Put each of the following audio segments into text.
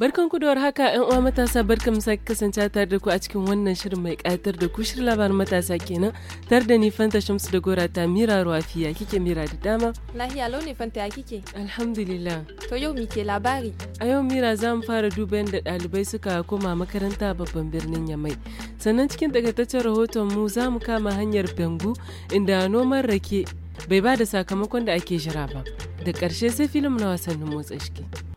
Barkan ku da haka ‘yan uwa matasa barkan sake kasance tare da ku a cikin wannan shirin mai ƙayatar da ku shirin labarin matasa kenan tare da ni Fanta Shamsu da Gora ta Mira Rafiya kike Mira da dama. Lahiya lau Fanta ya kike? Alhamdulillah. To yau mi ke labari? A yau Mira za mu fara duba yadda ɗalibai suka koma makaranta babban birnin Yamai. Sannan cikin takaitaccen rahoton mu za mu kama hanyar Bengu inda noman rake bai ba da sakamakon da ake jira ba. Da ƙarshe sai filim na wasannin motsa jiki.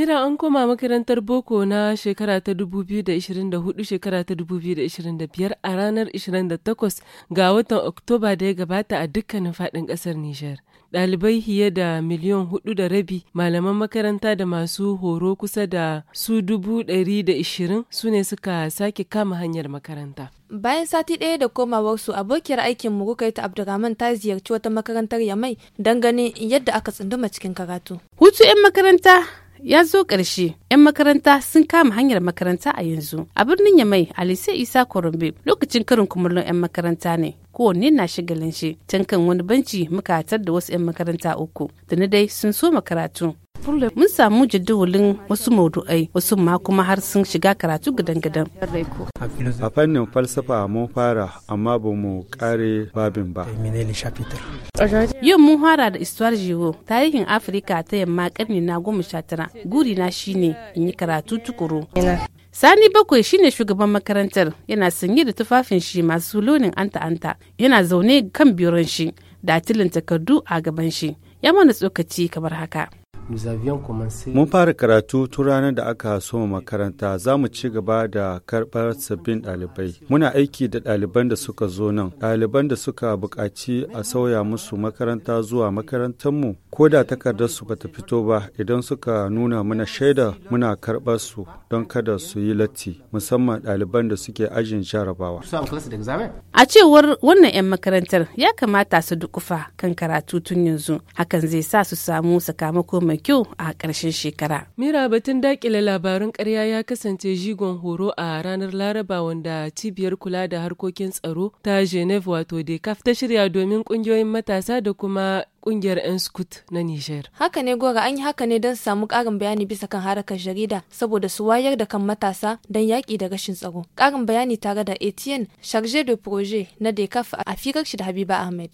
Mira an koma makarantar Boko na shekara ta 2024 shekara ta 2025 a ranar 28 ga watan Oktoba da ya gabata a dukkanin fadin kasar Nijar. Ɗalibai fiye da miliyan hudu da rabi malaman makaranta da masu horo kusa da su dubu ɗari da ishirin su ne suka sake kama hanyar makaranta. Bayan sati ɗaya da komawar su abokiyar aikin mu kai ta Abdurrahman ta ziyarci wata makarantar Yamai don ganin yadda aka tsunduma cikin karatu. Hutu 'yan makaranta ya zo ƙarshe 'yan makaranta sun kama hanyar makaranta a yanzu a birnin yamai alise isa korombe lokacin karin kumallon 'yan makaranta ne kowanne na shigalin shi can kan wani banci muka da wasu 'yan makaranta uku da na dai sun soma karatu mun samu jadawalin wasu maudu'ai wasu ma kuma har sun shiga karatu gidan-gidan. A fannin falsafa mun fara amma ba mu kare babin ba. Yau mun fara da istuwar jiwo tarihin Afirka ta yamma karni na goma sha tara. Guri na shine in yi karatu tukuru. Sani bakwai shine shugaban makarantar yana sanye da tufafin shi masu launin anta-anta yana zaune kan biron shi da tilin takardu a gaban shi. Ya mana tsokaci kamar haka. Mun fara karatu tun ranar da aka soma makaranta za mu ci gaba da karɓar sabbin ɗalibai. Muna aiki da ɗaliban da suka zo nan. Ɗaliban da suka buƙaci a sauya musu makaranta zuwa makarantarmu ko da takardar su bata fito ba idan suka nuna mana shaida muna karɓar su don kada su yi latti musamman ɗaliban da suke ajin jarabawa. A cewar wannan 'yan makarantar ya kamata su dukufa kan karatu tun yanzu hakan zai sa su samu sakamako mai kyau a ƙarshen shekara. Mira batun dakile labarun ƙarya ya kasance jigon horo a ranar Laraba wanda cibiyar kula da harkokin tsaro ta Geneva wato DECAF ta shirya domin ƙungiyoyin matasa da kuma kungiyar 'yan scout na Nijar. Haka ne gora an yi haka ne don samu ƙarin bayani bisa kan harakar jarida saboda su wayar da kan matasa don yaƙi da rashin tsaro. Ƙarin bayani tare da Etienne Chargé de Projet na Decaf a firar shi da Habiba Ahmed.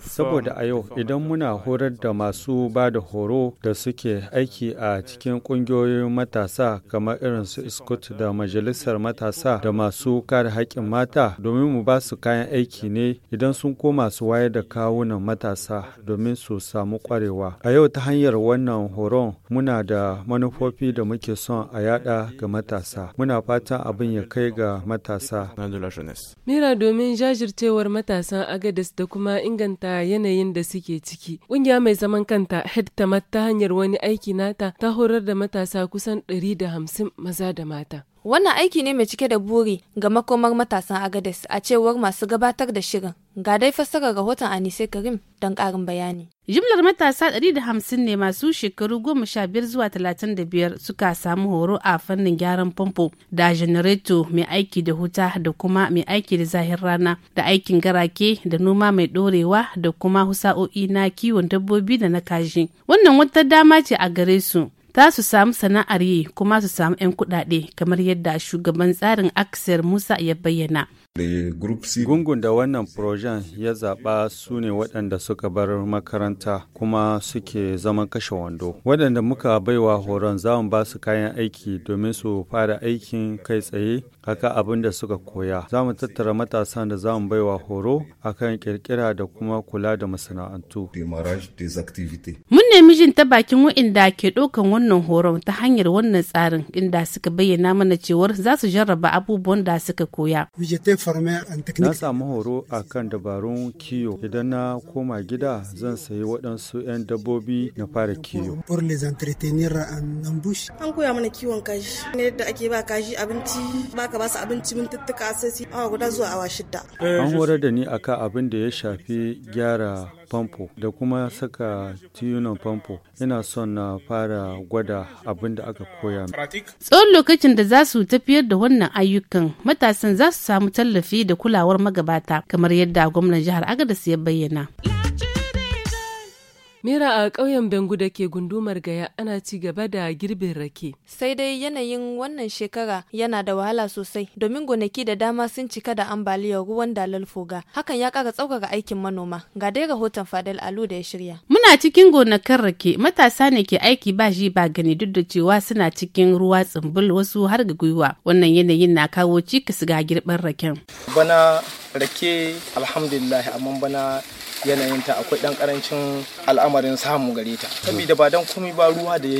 Saboda a yau idan muna horar da masu ba da horo da suke aiki a cikin ƙungiyoyin matasa kamar irin su scout da majalisar matasa da masu kare haƙƙin mata domin mu ba su kayan aiki ne idan sun koma su wayar da kawunan matasa domin su samu kwarewa A yau ta hanyar wannan horon muna da manufofi da muke son a yada ga matasa. Muna fatan abin ya kai ga matasa. Mira domin jajircewar matasan Agadis da kuma inganta yanayin da suke ciki. kungiya mai zaman kanta Headtamat ta hanyar wani aiki nata ta horar da matasa kusan 150 maza da mata. Wannan aiki ne mai cike da buri ga makomar matasan agades a cewar masu gabatar da shirin. Ga dai fassarar rahoton Anise Karim don ƙarin bayani. Jimlar matasa 150 ne masu shekaru 15 zuwa 35 suka samu horo a fannin gyaran famfo da janareto mai aiki da huta da kuma mai aiki da zahir rana da aikin garake da noma mai dorewa da kuma husa'o'i na kiwon dabbobi da na kashi Wannan wata dama ce a gare su. za su samu sana'ar yi kuma su samu 'yan kuɗaɗe kamar yadda shugaban tsarin aksar musa ya bayyana Gungun da wannan projen ya zaɓa su ne waɗanda suka bar makaranta kuma suke zaman kashe wando. Waɗanda muka baiwa horon za mu ba su kayan aiki domin su fara aikin kai tsaye kaka abin da suka koya za mu tattara matasan da za mu baiwa horo akan kirkira da kuma kula da masana'antu mun ne jin ta bakin wa'inda ke ɗaukan wannan horon ta hanyar wannan tsarin inda suka bayyana mana cewar za su jarraba abubuwan da suka koya na samu horo akan dabarun kiyo idan na koma gida zan sayi waɗansu 'yan dabbobi na fara kiyo an koya mana kiwon kaji ne da ake ba kaji abinci ba aka ba su abinci mintuttuka sai su awa guda zuwa awa shida. Eh, An horar da ni akan abin da ya shafi gyara famfo da kuma saka tiyunan famfo ina son na fara gwada abin da aka koya tsawon lokacin da za su tafiyar da wannan ayyukan matasan za su samu tallafi da kulawar magabata kamar yadda gwamnan jihar agadas ya bayyana. Mira a ƙauyen Bengu da ke gundumar Gaya ana ci gaba da girbin rake. Sai dai yanayin wannan shekara yana da wahala sosai domin gonaki da dama sun cika da ambaliyar ruwan dalal foga. Hakan ya ƙara tsaukaka aikin manoma. Ga dai rahoton fadal Alu da ya shirya. Muna cikin gonakan rake matasa ne ke aiki ba shi ba gani duk da cewa suna cikin ruwa tsumbul wasu har ga gwiwa. Wannan yanayin na kawo cikas ga girban raken. Bana rake alhamdulillah amma bana yanayin ta akwai ɗan karancin al'amarin samu gare ta saboda ba dan komai ba ruwa da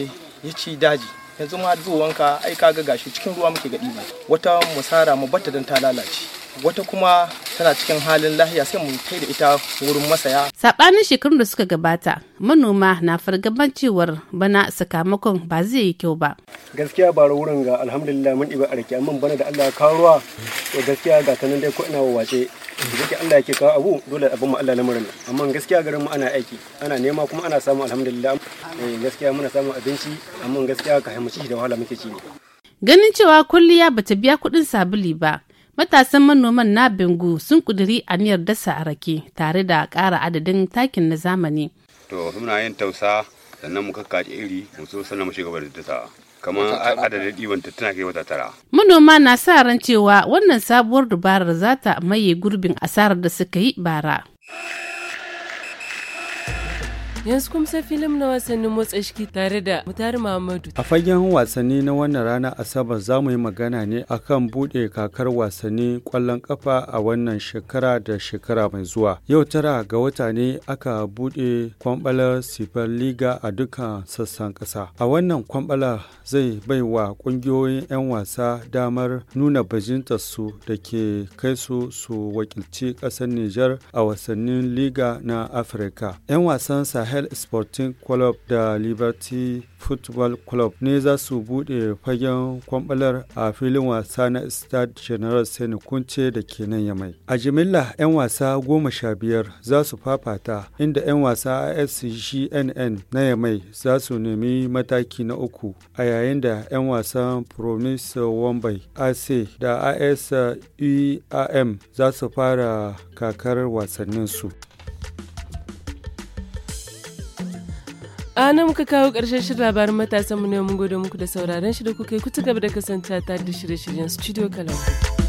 ya ci daji yanzu ma wanka ai ga gashi cikin ruwa muke gadi ba wata musara mu bata dan ta lalace wata kuma tana cikin halin lahiya sai mu kai da ita wurin masaya. Sabanin shekarun da suka gabata, manoma na fargaban cewar bana sakamakon ba zai yi kyau ba. Gaskiya ba wurin ga alhamdulillah mun diba arki amma bana da Allah kawo ruwa to gaskiya ga tanan dai ko ina wace da yake Allah yake kawo abu dole abin mu Allah lamarin amma gaskiya garin mu ana aiki ana nema kuma ana samu alhamdulillah eh gaskiya muna samu abinci amma gaskiya ka haimaci da wahala muke ci ganin cewa kulliya bata biya kuɗin sabuli ba matasan manoman na Bengu sun kuduri aniyar dasa a rake tare da ƙara adadin takin na zamani to muna yin tausa sannan mu kakkace iri mu so sannan mu shiga da dasa kamar adadin ɗiwanta tana kai wata tara. Manoma na sa ran cewa wannan sabuwar dubarar za ta maye gurbin asarar da suka yi bara. Yanzu kuma sai filim na wasannin motsa jiki tare da mutar Muhammadu. A fagen wasanni na wannan rana Asabar za mu yi magana ne akan bude kakar wasanni kwallon kafa a wannan shekara da shekara mai zuwa. Yau tara ga wata ne aka bude kwamɓalar Super Liga a dukkan sassan kasa A wannan kwamɓala zai bai wa ƙungiyoyin 'yan wasa damar nuna su da ke kai su su wakilci ƙasar Nijar a wasannin Liga na Afirka. 'Yan wasan Sahel hell sporting club da liberty football club ne za su bude fagen kwambalar a filin wasa na stade general sani kunce da ke nan yamai a jimilla 'yan wasa goma sha biyar za su fafata inda 'yan wasa asgnn na yamai za su nemi mataki na uku a yayin da 'yan wasan promise wambai ac da as e za su fara kakar wasanninsu a nan muka kawo ƙarshen shirin labarin matasan mu ne mun gode muku da sauraron shi da kuka yi ku gaba da kasancewa tare da shirye-shiryen studio kalangu